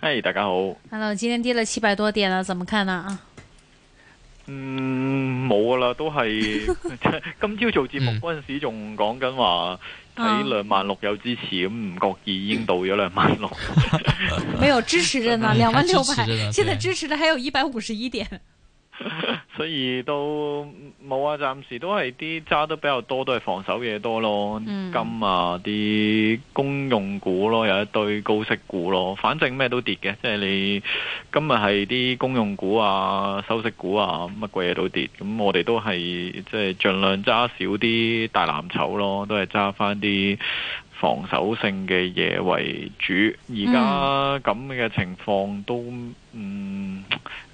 嗨，Hi，大家好。Hello，今天跌了七百多點了，怎麼看呢？啊，嗯，冇啦，都係今朝做節目嗰陣時仲講緊話喺兩萬六有支持，咁唔覺意已經到咗兩萬六。 沒有支持的呢，兩萬六百，現在支持的還有一百五十一點。 所以都冇啊，暫時都係啲揸得比較多，都係防守嘢多咯，金、嗯、啊啲公用股咯，有一堆高息股咯，反正咩都跌嘅，即、就、係、是、你今日係啲公用股啊、收息股啊，乜鬼嘢都跌，咁我哋都係即係盡量揸少啲大藍籌咯，都係揸翻啲防守性嘅嘢為主。而家咁嘅情況都嗯。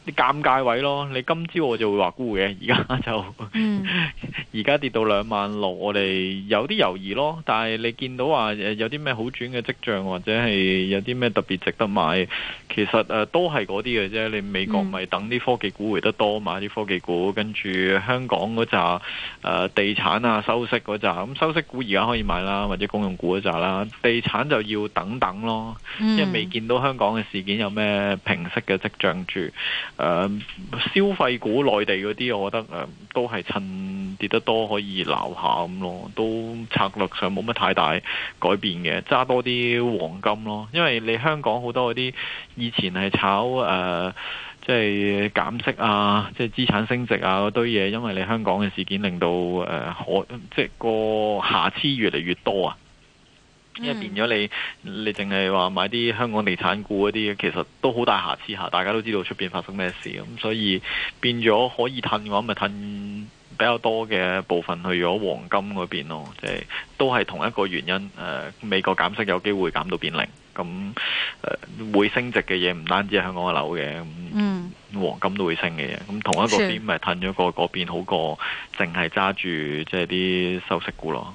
啲尷尬位咯，你今朝我就會話沽嘅，而家就而家、嗯、跌到兩萬六，我哋有啲猶豫咯。但係你見到話有啲咩好轉嘅跡象，或者係有啲咩特別值得買，其實誒都係嗰啲嘅啫。你美國咪等啲科技股回得多，嗯、買啲科技股，跟住香港嗰扎誒地產啊收息嗰扎，咁收息股而家可以買啦，或者公用股嗰扎啦，地產就要等等咯，因為未見到香港嘅事件有咩平息嘅跡象住。呃、消費股內地嗰啲，我覺得、呃、都係趁跌得多可以撈下咁咯，都策略上冇乜太大改變嘅，揸多啲黃金咯，因為你香港好多嗰啲以前係炒誒、呃，即係減息啊，即係資產升值啊嗰堆嘢，因為你香港嘅事件令到誒、呃、可即係個瑕疵越嚟越多啊。因為變咗你，你淨係話買啲香港地產股嗰啲，其實都好大瑕疵吓，大家都知道出邊發生咩事咁，所以變咗可以褪嘅話，咪褪比較多嘅部分去咗黃金嗰邊咯，即係都係同一個原因，誒、呃，美國減息有機會減到變零，咁誒會升值嘅嘢唔單止係香港嘅樓嘅，咁黃金都會升嘅，咁同一個邊咪褪咗個嗰邊好過，淨係揸住即係啲收息股咯。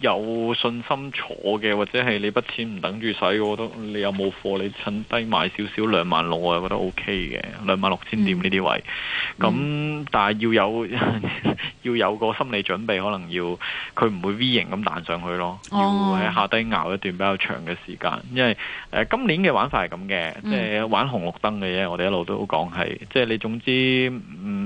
有信心坐嘅，或者係你筆錢唔等住使，我都你有冇貨？你趁低買少少兩萬六，我又覺得 OK 嘅，兩萬六千點呢啲位。咁、嗯、但係要有 要有個心理準備，可能要佢唔會 V 型咁彈上去咯，哦、要係、呃、下低熬一段比較長嘅時間。因為誒、呃、今年嘅玩法係咁嘅，嗯、即係玩紅綠燈嘅啫。我哋一路都講係，即係你總之唔。嗯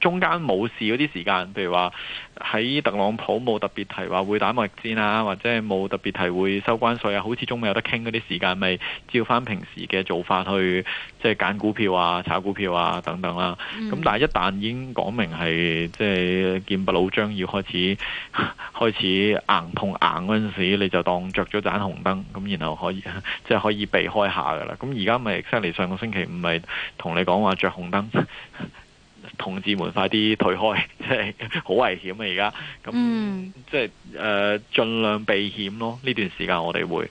中間冇事嗰啲時間，譬如話喺特朗普冇特別提話會打貿易戰啊，或者係冇特別提會收關稅啊，好似仲有得傾嗰啲時間，咪照翻平時嘅做法去即係揀股票啊、炒股票啊等等啦。咁、嗯、但係一旦已經講明係即係劍拔弩張要開始開始硬碰硬嗰陣時，你就當着咗盞紅燈，咁然後可以即係、就是、可以避開一下噶啦。咁而家咪 Sally 上個星期五咪同你講話着紅燈。同志們快啲退開，即係好危險啊！而家咁，嗯、即係誒、呃，盡量避險咯。呢段時間我哋會。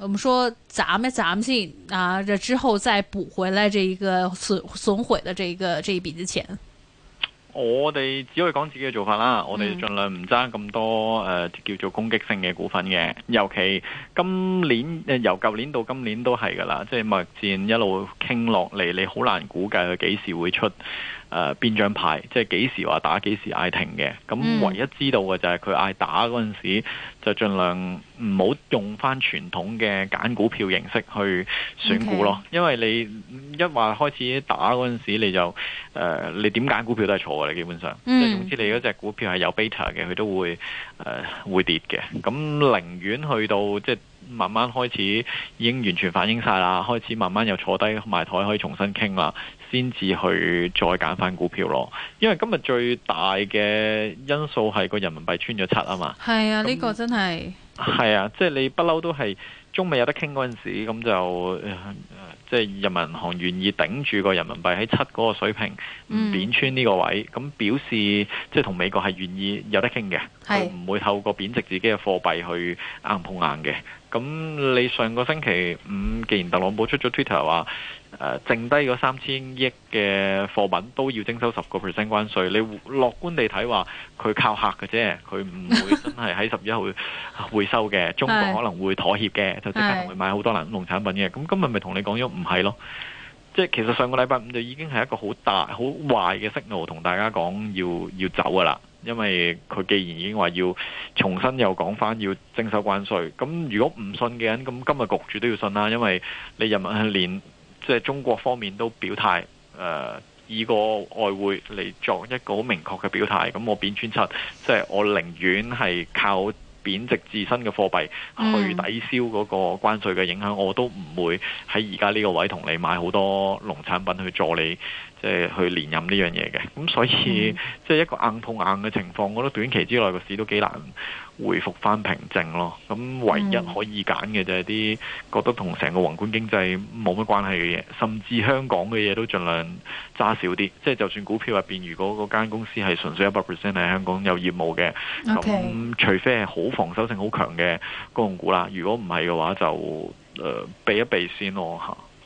我們說，斬一斬先啊，之後再補回來這一個損損毀的這一個這一筆錢。我哋只可以講自己嘅做法啦，我哋盡量唔揸咁多誒、呃、叫做攻擊性嘅股份嘅，尤其今年誒、呃、由舊年到今年都係噶啦，即係貿易戰，一路傾落嚟，你好難估計佢幾時會出誒邊張牌，即係幾時話打幾時嗌停嘅，咁唯一知道嘅就係佢嗌打嗰陣時候。嗯就盡量唔好用翻傳統嘅揀股票形式去選股咯，Okay. 因為你一話開始打嗰陣時，你就誒、呃，你點揀股票都係錯嘅，你基本上。即、mm. 總之，你嗰隻股票係有 beta 嘅，佢都會誒、呃、會跌嘅。咁寧願去到即係、就是、慢慢開始，已經完全反映晒啦，開始慢慢又坐低埋台，可以重新傾啦。先至去再揀翻股票咯，因為今日最大嘅因素係個人民幣穿咗七啊嘛。係啊，呢個真係係啊，即係你不嬲都係中美有得傾嗰陣時，咁就即係人民銀行願意頂住個人民幣喺七嗰個水平唔貶穿呢個位，咁，嗯，表示即係同美國係願意有得傾嘅，唔會透過貶值自己嘅貨幣去硬碰硬嘅。咁你上個星期五，嗯，既然特朗普出咗 Twitter 話。呃、剩低嗰三千億嘅貨品都要徵收十個 percent 關稅。你樂觀地睇話，佢靠客嘅啫，佢唔會真係喺十一號會收嘅。 中國可能會妥協嘅，是就即刻同佢買好多農農產品嘅。咁是今日咪同你講咗，唔係咯。即係其實上個禮拜五就已經係一個好大、好壞嘅 signal，同大家講要要走噶啦。因為佢既然已經話要重新又講翻要徵收關稅，咁如果唔信嘅人，咁今日焗住都要信啦。因為你人民連。即係中國方面都表態，誒、呃、以個外匯嚟作一個好明確嘅表態。咁我貶穿出，即、就、係、是、我寧願係靠貶值自身嘅貨幣去抵消嗰個關稅嘅影響，嗯、我都唔會喺而家呢個位同你買好多農產品去助你，即、就、係、是、去連任呢樣嘢嘅。咁所以即係、就是、一個硬碰硬嘅情況，我覺得短期之內個市都幾難。回復翻平靜咯，咁唯一可以揀嘅就係啲覺得同成個宏觀經濟冇乜關係嘅嘢，甚至香港嘅嘢都盡量揸少啲。即係就算股票入面，如果嗰間公司係純粹一百 percent 喺香港有業務嘅，咁 Okay. 除非係好防守性好強嘅公用股啦，如果唔係嘅話就，就、呃、誒避一避先咯吓。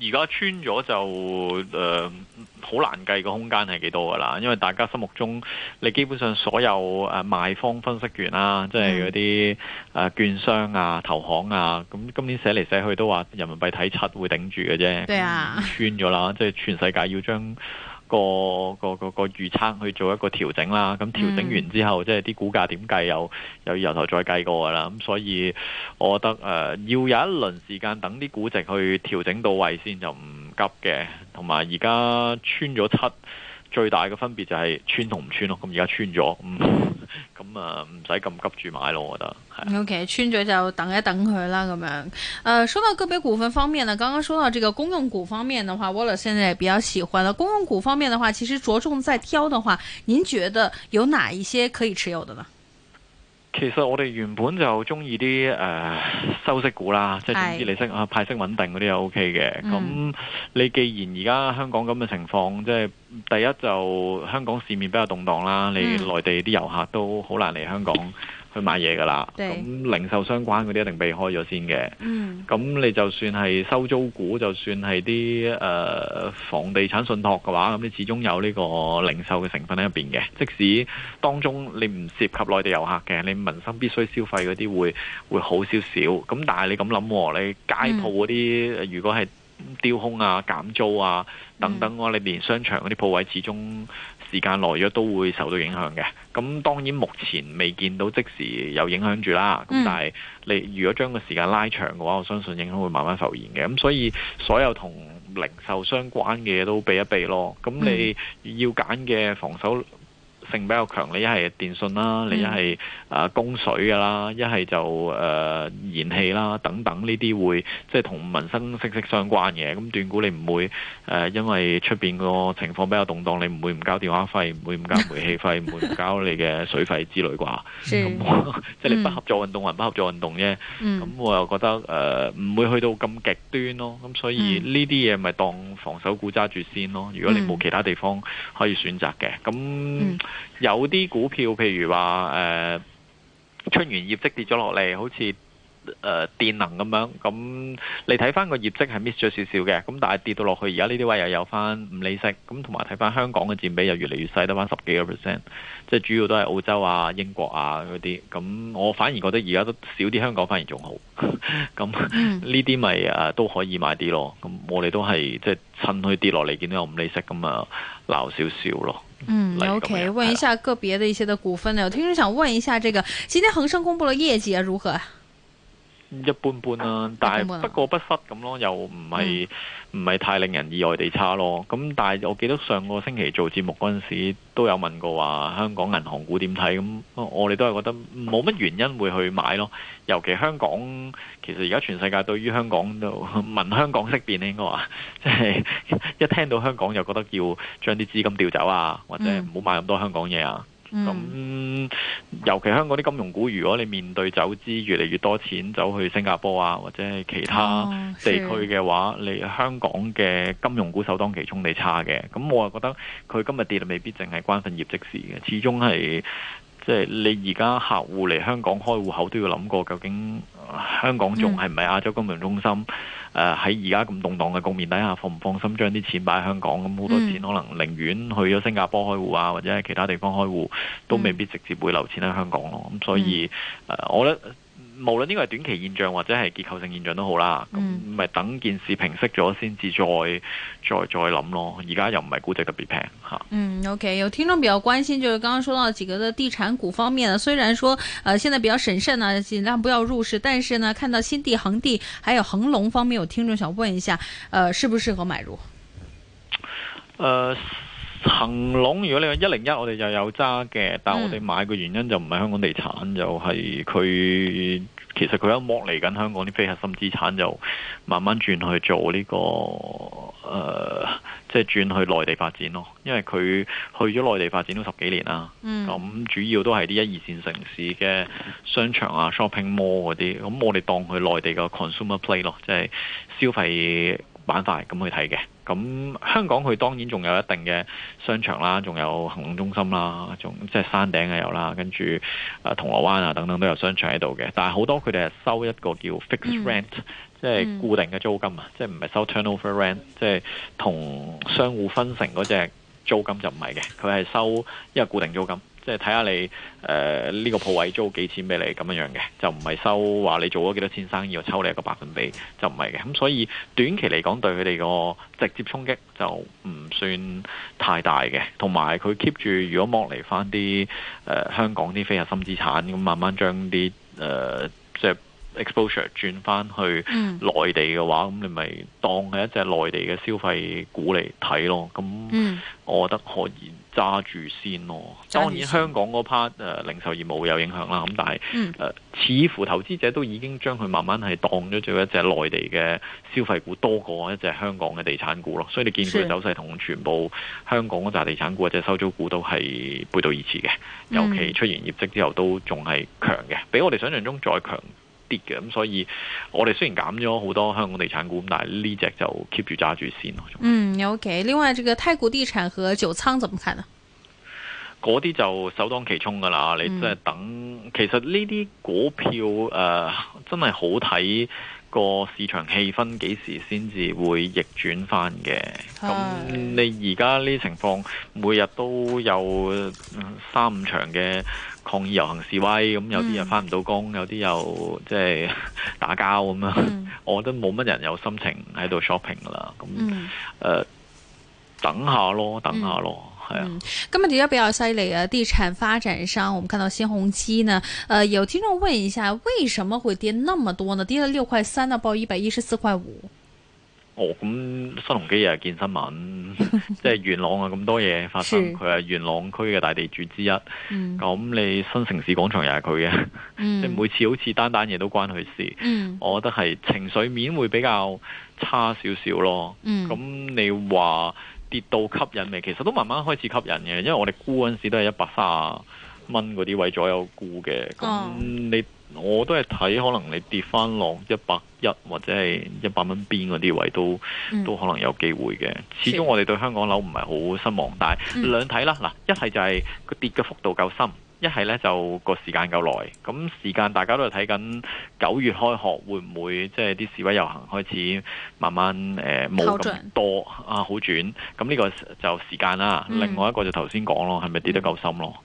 而家穿咗就誒好、呃、難計個空間係幾多噶啦，因為大家心目中你基本上所有誒賣、啊、方分析員啦、啊，即係嗰啲誒券商啊、投行啊，咁今年寫嚟寫去都話人民幣睇七會頂住嘅啫對呀、嗯，穿咗啦，即係全世界要將。個個個個預測去做一個調整啦，咁調整完之後，嗯、即係啲股價點計又又要由頭再計過噶啦，咁所以我覺得誒、呃、要有一輪時間等啲估值去調整到位先，就唔急嘅。同埋而家穿咗七。最大嘅分別就係穿同唔穿咯，咁而家穿咗，咁啊唔使咁急住買咯，我覺得。係 OK 穿咗就等一等佢啦，咁樣。誒、呃，講到個別股份方面呢，剛剛講到這個公用股方面嘅話，我現在也比較喜歡啦。公用股方面嘅話，其實着重在挑嘅話，您覺得有哪一些可以持有的呢？其實我哋原本就中意啲誒收息股啦，即係總之利息啊派息穩定嗰啲又 OK 嘅。咁，嗯，你既然而家香港咁嘅情況，即係第一就香港市面比較動盪啦，你內地啲遊客都好難嚟香港，去買嘢噶啦，咁零售相關嗰啲一定避開咗先嘅。咁、嗯、你就算係收租股，就算係啲誒房地產信託嘅話，咁你始終有呢個零售嘅成分喺入邊嘅。即使當中你唔涉及內地遊客嘅，你民生必須消費嗰啲會會好少少。咁但係你咁諗、哦、你街鋪嗰啲如果係丟空啊、減租啊等等啊，我哋連商場嗰啲鋪位始終。時間耐咗都會受到影響嘅，咁當然目前未見到即時有影響住啦。咁但係你如果將個時間拉長嘅話，我相信影響會慢慢浮現嘅。咁所以所有同零售相關嘅嘢都避一避咯。咁你要揀嘅防守性比較強，你一係電信啦，嗯、你一係啊供水噶啦，一係就誒、呃、燃氣啦，等等呢啲會即係同民生息息相關嘅。咁斷估你唔會誒、呃，因為出面個情況比較動蕩，你唔會唔交電話費，唔會唔交煤氣費，唔 會唔交你嘅水費之類啩是。即係你不合作運動還不合作運動啫。咁、嗯、我又覺得誒，唔、呃、會去到咁極端咯。咁所以呢啲嘢咪當防守股揸住先咯。如果你冇其他地方可以選擇嘅，咁。嗯嗯。有啲股票，譬如話誒，出、呃、完業績跌咗落嚟，好似誒、呃、電能咁樣。咁、嗯、你睇翻個業績係 miss 咗少少嘅，咁、嗯、但係跌到落去，而家呢啲位又有翻五厘息。咁同埋睇翻香港嘅佔比又越嚟越細，得翻十幾個 percent，即係主要都係澳洲啊、英國啊嗰啲。咁、嗯、我反而覺得而家都少啲香港，反而仲好。咁呢啲咪誒都可以買啲咯。咁、嗯、我哋都係即係趁佢跌落嚟，見到有五厘息咁啊。嗯呃鬧少少咯。嗯，OK，問一下個別的一些的股份呢？的我聽說想問一下，這個今天恒生公佈了業績啊，如何啊？一般般啦，但係不過不失咁咯，又唔係唔係太令人意外地差咯。咁但係我記得上個星期做節目嗰陣時，都有問過話香港銀行股點睇？咁我哋都係覺得冇乜原因會去買咯。尤其香港其實而家全世界對於香港都聞香港色變咧，應該話即係一聽到香港就覺得要將啲資金調走啊，或者唔好買咁多香港嘢啊。咁、嗯嗯、尤其香港啲金融股，如果你面對走資越嚟越多錢走去新加坡啊，或者係其他地區嘅話，哦、是嘅，你香港嘅金融股首當其衝，你差嘅。咁我啊覺得佢今日跌，未必淨係關份業績事嘅，始終係。即係你而家客戶嚟香港開戶口都要諗過，究竟香港仲係唔係亞洲金融中心？喺而家咁動盪嘅局面底下，放唔放心將啲錢擺喺香港？咁好多錢可能寧願去咗新加坡開戶啊，或者係其他地方開戶，都未必直接會留錢喺香港咯。咁、嗯、所以，嗯呃、我我覺得。無論呢個係短期現象或者係結構性現象都好啦，咁咪等件事平息咗先至再、嗯、再再諗咯。而家又唔係估值特別平吓。啊、嗯，OK，有聽眾比較關心，就是剛剛說到幾個的地產股方面，雖然說，誒、呃，現在比較審慎呢、啊、盡量不要入市，但是呢，看到新地、恒地還有恒隆方面，有聽眾想問一下，誒、呃，適不適合買入？誒、呃。恆隆，如果你話一零一，我哋就有揸嘅。但係我哋買嘅原因就唔係香港地產，嗯、就係佢其實佢一剝離緊香港啲非核心資產，就慢慢轉去做呢、這個誒，即、呃、係、就是、轉去內地發展咯。因為佢去咗內地發展都十幾年啦。咁、嗯、主要都係啲一,一二線城市嘅商場啊、shopping mall 嗰啲。咁我哋當佢內地嘅 consumer play 咯，即係消費。板塊咁去睇嘅，咁香港佢當然仲有一定嘅商場啦，仲有恆隆中心啦，仲即係山頂啊有啦，跟住啊銅鑼灣啊等等都有商場喺度嘅，但係好多佢哋係收一個叫 fixed rent，嗯、即係固定嘅租金啊，嗯、即係唔係收 turnover rent，嗯、即係同商戶分成嗰隻租金就唔係嘅，佢係收一個固定租金，即係睇下你誒呢、呃呢個鋪位租幾錢俾你咁樣樣嘅，就唔係收話你做咗幾多錢生意，我抽你一個百分比，就唔係嘅。咁所以短期嚟講，對佢哋個直接衝擊就唔算太大嘅，同埋佢 keep 住如果剝離翻啲誒香港啲非核心資產，咁慢慢將啲誒即係 exposure 轉翻去內地嘅話，咁、嗯、你咪當係一隻內地嘅消費股嚟睇咯。咁我覺得可以揸住先咯。當然香港嗰 part、呃、零售業務會有影響啦。咁但係、呃、似乎投資者都已經將佢慢慢係當咗做一隻內地嘅消費股多過一隻香港嘅地產股咯。所以你見佢嘅走勢同全部香港嗰紮地產股或者收租股都係背道而馳嘅。尤其出現業績之後，都仲係強嘅，比我哋想象中再強。跌嘅，咁所以我哋雖然減咗好多香港地產股，但係呢隻就 keep 住揸住先咯。嗯，OK。另外，這個太古地產和九倉怎麼看呢？嗰啲就首當其衝噶啦，你即係等。嗯、其實呢啲股票誒、呃，真係好睇個市場氣氛幾時先至會逆轉翻嘅。咁你而家呢情況，每日都有三五場嘅。抗議遊行示威咁，有啲又返唔到工，嗯、有啲又即係打交咁啊！嗯、我覺得冇乜人有心情喺度 shopping 啦。咁誒、嗯呃，等下咯，等下咯，係、嗯、啊！今日跌得比較犀利啊！地產發展商，我們看到新鴻基呢？誒、呃，有聽眾問一下，為什麼會跌那麼多呢？跌了六塊三，到報一百一十四塊五。哦，咁新鴻基又係見新聞， 即係元朗啊咁多嘢發生，佢係 是元朗區嘅大地主之一。咁、嗯、你新城市廣場又係佢嘅，嗯、 你每次好似單單嘢都關佢事。嗯、我覺得係情緒面會比較差少少咯。咁、嗯、你話跌到吸引你，其實都慢慢開始吸引嘅，因為我哋沽嗰陣時都係一百三十蚊嗰啲位左右沽嘅。咁、哦、你。我都係睇可能你跌翻落一百一或者係一百蚊邊嗰啲位都，嗯、都可能有機會嘅。始終我哋對香港樓唔係好失望，嗯、但係兩睇啦。嗱、嗯，一係就係個跌嘅幅度夠深，一係呢就個時間夠耐。咁時間大家都係睇緊九月開學會唔會即係啲示威遊行開始慢慢誒冇咁多啊好轉。咁呢個就時間啦。嗯、另外一個就頭先講咯，係咪跌得夠深咯？嗯嗯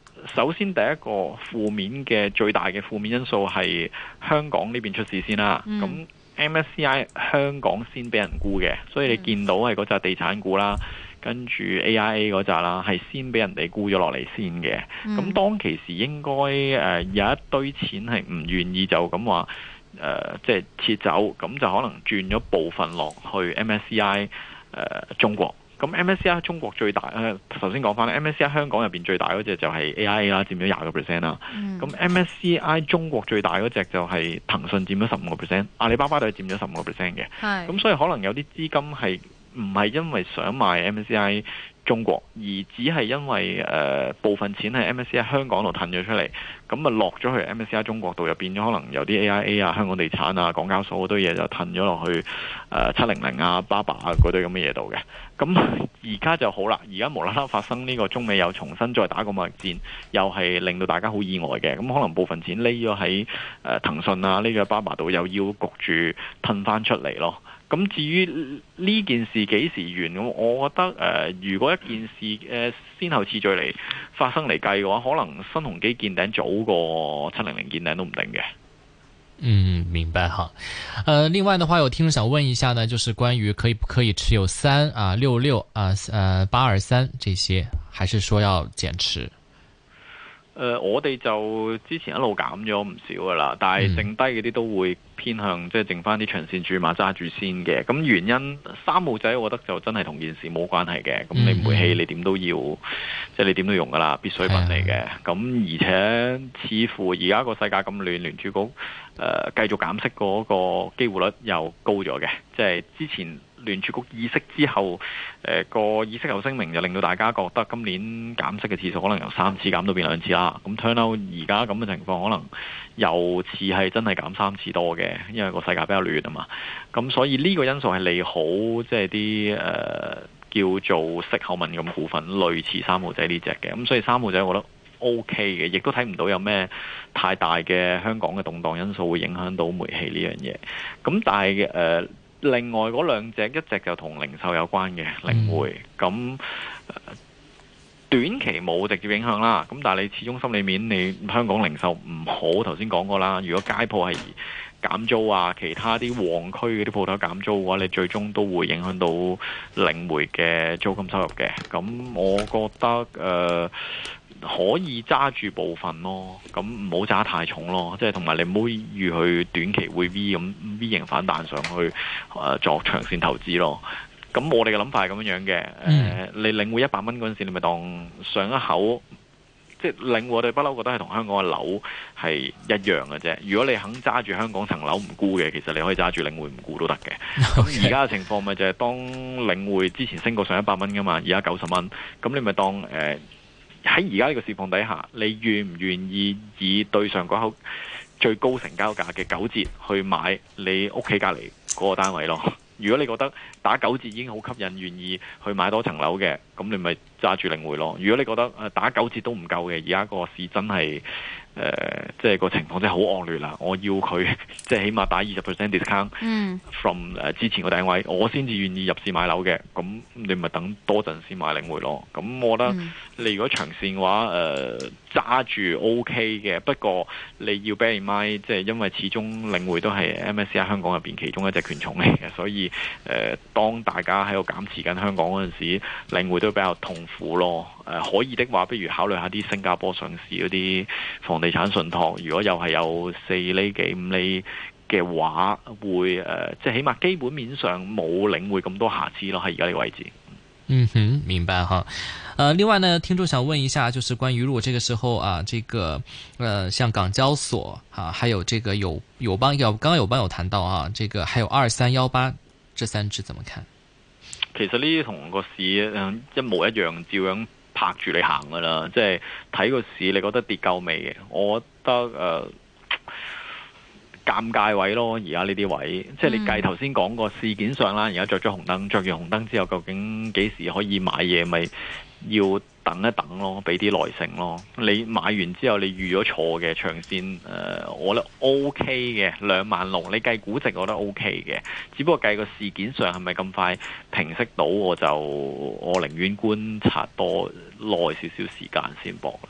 首先第一個負面嘅最大嘅負面因素係香港呢邊出事先啦，咁、嗯、MSCI 香港先俾人沽嘅，所以你見到係嗰扎地產股啦，跟住 AIA 嗰扎啦，係先俾人哋沽咗落嚟先嘅。咁、嗯、當其時應該誒有一堆錢係唔願意就咁話誒即係撤走，咁就可能轉咗部分落去 MSCI 誒、呃、中國。咁 MSCI 中國最大誒，頭、呃、先講翻咧 MSCI 香港入邊最大嗰隻就係 AIA 啦，佔咗廿個 percent 啦。咁、嗯、MSCI 中國最大嗰隻就係騰訊佔咗十五個 percent，阿里巴巴都係佔咗十五個 percent 嘅。咁是所以可能有啲資金係唔係因為想賣 MSCI。中國而只係因為誒、呃、部分錢喺 MSCI 香港度褪咗出嚟，咁啊落咗去 MSCI 中國度又變咗可能由啲 AIA 啊香港地產啊港交所好多嘢，就褪咗落去誒七零零啊巴巴啊嗰堆咁嘅嘢度嘅，咁而家就好啦，而家無啦啦發生呢個中美又重新再打個貿易戰，又係令到大家好意外嘅。咁可能部分錢匿咗喺誒騰訊啊呢個巴巴度，又要焗住褪翻出嚟咯。咁至於呢件事幾時完？我覺得誒、呃，如果一件事誒、呃、先後次序嚟發生嚟計嘅話，可能新鴻基見頂早過七零零見頂都唔定嘅。嗯，明白哈。誒、呃，另外嘅話，有聽眾想問一下呢，就是關於可以不可以持有三啊六六啊，誒八二三這些，還是說要減持？誒、呃，我哋就之前一路減咗唔少噶啦，但係剩低嗰啲都會偏向即係剩返啲長線注碼揸住先嘅。咁原因三號仔，我覺得就真係同件事冇關係嘅。咁你煤氣，你點都要，即係你點都用噶啦，必需品嚟嘅。咁的而且似乎而家個世界咁亂，聯儲局誒繼續減息嗰個機會率又高咗嘅。即係之前。聯儲局議息之後，誒、呃、個議息後聲明就令到大家覺得今年減息嘅次數可能由三次減到變兩次啦。咁 turn out 而家咁嘅情況，可能又似係真係減三次多嘅，因為個世界比較亂啊嘛。咁所以呢個因素係利好，即係啲誒叫做息口敏感股份，類似三號仔呢隻嘅。咁所以三號仔我覺得 OK 嘅，亦都睇唔到有咩太大嘅香港嘅動盪因素會影響到煤氣呢樣嘢。咁但係誒。呃另外嗰兩隻，一隻就同零售有關嘅領匯，咁短期冇直接影響啦。咁但係你始終心裏面，你香港零售唔好，頭先講過啦。如果街鋪係減租啊，其他啲旺區嗰啲鋪頭減租嘅話，你最終都會影響到領匯嘅租金收入嘅。咁我覺得誒。呃可以揸住部分咯，咁唔好揸太重咯，即係同埋你唔好預佢短期會 V 咁 V 型反彈上去，誒、呃、作長線投資咯。咁我哋嘅諗法係咁樣嘅，誒、呃 mm. 你領匯一百蚊嗰陣時，你咪當上一口，即係領匯，我哋不嬲覺得係同香港嘅樓係一樣嘅啫。如果你肯揸住香港層樓唔沽嘅，其實你可以揸住領匯唔沽都得嘅。咁而家嘅情況咪就係當領匯之前升過上一百蚊㗎嘛，而家九十蚊，咁你咪當誒。呃喺而家呢個市況底下，你願唔願意以對上嗰口最高成交價嘅九折去買你屋企隔離嗰個單位咯？如果你覺得打九折已經好吸引，願意去買多層樓嘅，咁你咪揸住領匯咯。如果你覺得打九折都唔夠嘅，而家個市真係～誒、呃，即係個情況真係好惡劣啦！我要佢即係起碼打二十 percent discount、mm. from、呃、之前個定位，我先至願意入市買樓嘅。咁你咪等多陣先買領匯咯。咁我覺得你如果長線嘅話誒揸、呃、住 OK 嘅。不過你要 bear in mind 即係因為始終領匯都係 MSCI 香港入邊其中一隻權重嚟嘅，所以誒、呃、當大家喺度減持緊香港嗰陣時領匯都比較痛苦咯。呃、可以的話不如考慮下啲新加坡上市嗰啲房。地產信託，如果又係有四厘幾五厘嘅話，會誒，即係起碼基本面上冇領會咁多瑕疵咯。喺而家呢個位置，嗯哼，明白哈。誒、啊，另外呢，聽眾想問一下，就是關於如果這個時候啊，這個，誒、呃，像港交所啊，還有這個有有班友，剛剛有班友談到啊，這個還有二三一八這三隻，怎麼看？其實呢啲同個市一模一樣，照樣。拍住你行㗎喇，即係睇個市，你覺得跌夠未？我覺得誒、呃、尷尬位咯，而家呢啲位，即係你計頭先講過事件上啦，而家着咗紅燈，着完紅燈之後，究竟幾時可以買嘢咪？要等一等咯，俾啲耐性咯。你買完之後，你預咗錯嘅長線，誒、呃，我覺得 OK 嘅兩萬六，你計估值，我覺得 OK 嘅。只不過計個事件上係咪咁快平息到，我就我寧願觀察多耐少少時間先搏啦。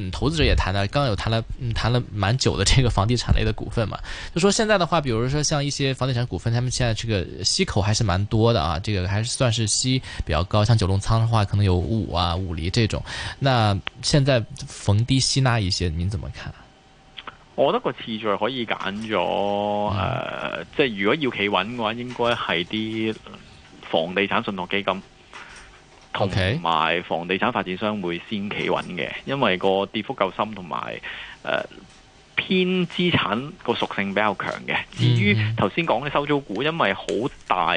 嗯，投資者也談了，剛剛有談了，嗯，談了蠻久的這個房地產類的股份嘛，就說現在的話，比如說像一些房地產股份，他們現在這個息口還是蠻多的啊，這個還是算是息比較高，像九龍倉的話，可能有五啊五厘這種，那現在逢低吸納一些，您怎麼看？我覺得個次序可以揀咗，嗯，呃，即係如果要企穩嘅話，應該係啲房地產信託基金。同埋房地產發展商會先企穩嘅，因為個跌幅夠深，同埋誒偏資產個屬性比較強嘅。至於頭先講嘅收租股，因為好大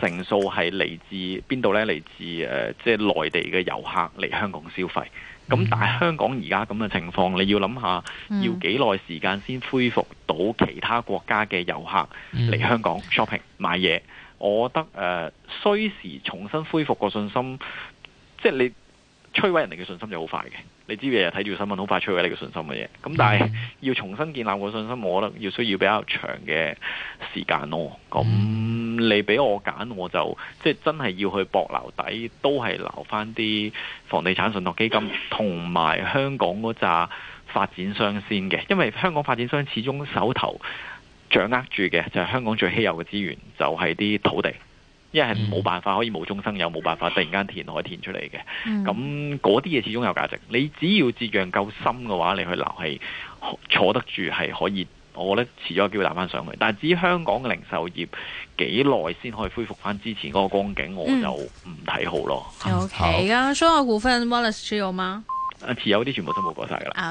成數係嚟自邊度呢？嚟自誒、呃、即係內地嘅遊客嚟香港消費。咁、嗯、但係香港而家咁嘅情況，你要諗下要幾耐時間先恢復到其他國家嘅遊客嚟香港 shopping 買嘢。我覺得誒，需時重新恢復個信心，即係你摧毀人哋嘅信心就好快嘅。你知唔知日日睇住新聞好快摧毀你嘅信心嘅嘢。咁但係要重新建立個信心，我覺得要需要比較長嘅時間咯。咁你俾我揀，我就即係真係要去搏留底，都係留翻啲房地產信託基金同埋香港嗰紮發展商先嘅，因為香港發展商始終手頭。掌握住嘅就係香港最稀有嘅資源，就係啲土地，因為冇辦法可以無中生有，冇辦法突然間填海填出嚟嘅。咁嗰啲嘢始終有價值。你只要志量夠深嘅話，你去留係坐得住係可以。我覺得遲咗機會彈翻上去。但至於香港嘅零售業幾耐先可以恢復翻之前嗰個光景，我就唔睇好咯。O K，而家所有股份 Wallace 持有嗎？啊，持有啲全部都冇過晒噶啦。